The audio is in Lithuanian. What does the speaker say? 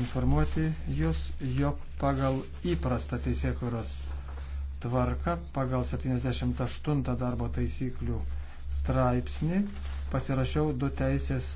informuoti jūs, jog pagal įprastą teisėkuros tvarką, pagal 78 darbo taisyklių straipsnį pasirašiau du teisės